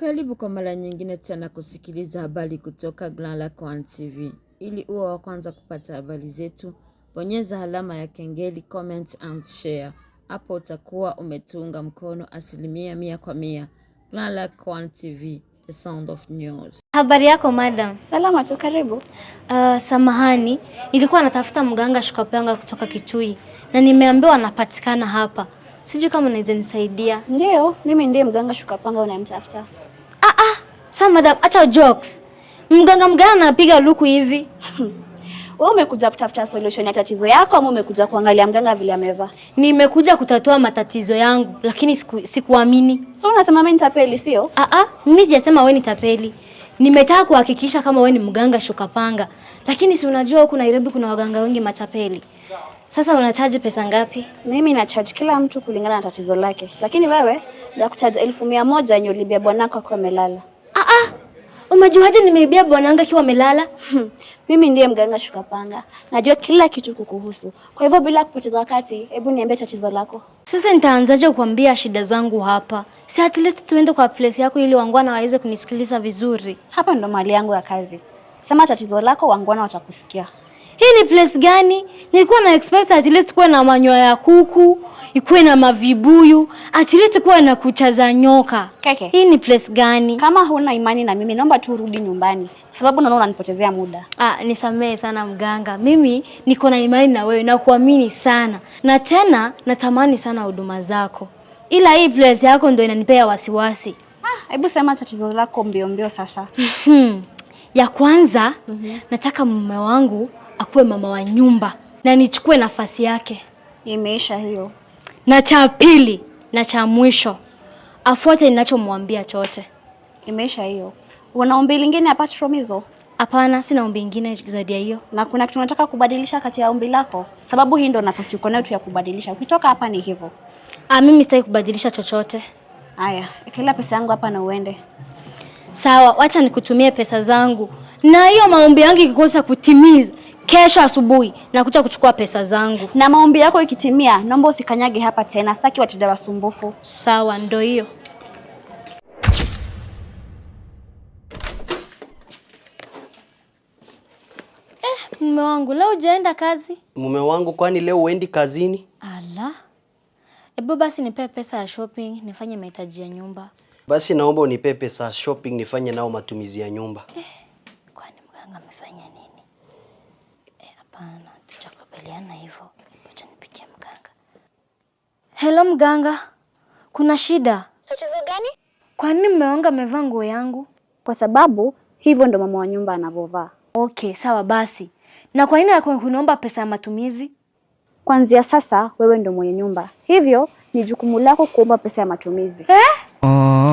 Karibu kwa mara nyingine tena kusikiliza habari kutoka Grand Lac One TV. Ili uwe wa kwanza kupata habari zetu, bonyeza alama ya kengeli, comment and share. Hapo utakuwa umetuunga mkono asilimia mia kwa mia. Grand Lac One TV, the sound of news. Habari yako madam? Salama tu, karibu. Uh, samahani, nilikuwa natafuta mganga shukapanga kutoka Kitui na nimeambiwa anapatikana hapa. Sijui kama unaweza nisaidia. Ndio, mimi ndiye mganga Shukapanga unayemtafuta. Ah, ah, sasa madam, acha jokes. Mganga mganga anapiga luku hivi. Wewe umekuja kutafuta solution ya tatizo yako ama umekuja kuangalia mganga vile amevaa? Nimekuja kutatua matatizo yangu, lakini sikuamini. siku, So unasema mimi nitapeli sio? Ah ah, mimi sijasema wewe ni tapeli. Nimetaka kuhakikisha kama wewe ni mganga shukapanga. Lakini si unajua huko Nairobi kuna waganga wengi matapeli. Sasa unachaji pesa ngapi? Mimi na charge kila mtu kulingana na tatizo lake, lakini wewe na kuchaji elfu mia moja yenye ulibia bwanako akiwa amelala. Ah ah, umejuaje nimeibia bwanangu akiwa amelala? Hmm. Mimi ndiye mganga Shukapanga, najua kila kitu kukuhusu. Kwa hivyo bila kupoteza wakati, hebu niambie tatizo lako. Sasa nitaanzaje kukuambia shida zangu hapa? Si at least tuende kwa place yako ili wangwana waweze kunisikiliza vizuri. Hapa ndo mali yangu ya kazi. Sema tatizo lako, wangwana watakusikia hii ni place gani? Nilikuwa na expect at least kuwe na manyoya ya kuku, ikuwe na mavibuyu, at least kuwe na kucha za nyoka. Keke, hii ni place gani? Kama huna imani na mimi, naomba tu urudi nyumbani, kwa sababu naona unanipotezea muda. Ah, nisamehe sana mganga, mimi niko na imani na wewe na kuamini sana, na tena natamani sana huduma zako, ila hii place yako ndio inanipea wasiwasi. Ah, hebu sema tatizo lako mbio mbio sasa. Hmm. ya kwanza, mm -hmm. nataka mume wangu akuwe mama wa nyumba na nichukue nafasi yake. Imeisha hiyo. Na cha pili na cha mwisho afuate ninachomwambia chote. Imeisha hiyo. Una ombi lingine apart from hizo? Hapana, sina ombi ingine zaidi ya hiyo. Na kuna kitu nataka kubadilisha kati ya ombi lako, sababu hii ndo nafasi uko nayo tu ya kubadilisha. Ukitoka hapa ni hivyo. Ah, mimi sitaki kubadilisha chochote. Haya, ekelea pesa yangu hapa na uende. Sawa, wacha nikutumie pesa zangu, na hiyo maombi yangu ikikosa kutimiza kesho asubuhi nakuja kuchukua pesa zangu. Na maombi yako ikitimia, naomba usikanyage hapa tena, sitaki wateja wasumbufu. Sawa, ndo hiyo. Eh, mume wangu leo ujaenda kazi? Mume wangu, kwani leo uendi kazini? Ala, hebu basi nipee pesa ya shopping nifanye mahitaji ya nyumba. Basi naomba unipee pesa ya shopping nifanye nao matumizi ya nyumba eh. sana hivyo. Ngoja nipigie mganga. Hello mganga, kuna shida? Tatizo gani? Kwa nini mume wangu amevaa nguo yangu? Kwa sababu hivyo ndo mama wa nyumba anavyovaa. Okay, sawa basi. Na kwa nini yako kuniomba pesa ya matumizi? Kuanzia sasa wewe ndo mwenye nyumba, hivyo ni jukumu lako kuomba pesa ya matumizi eh? Ah.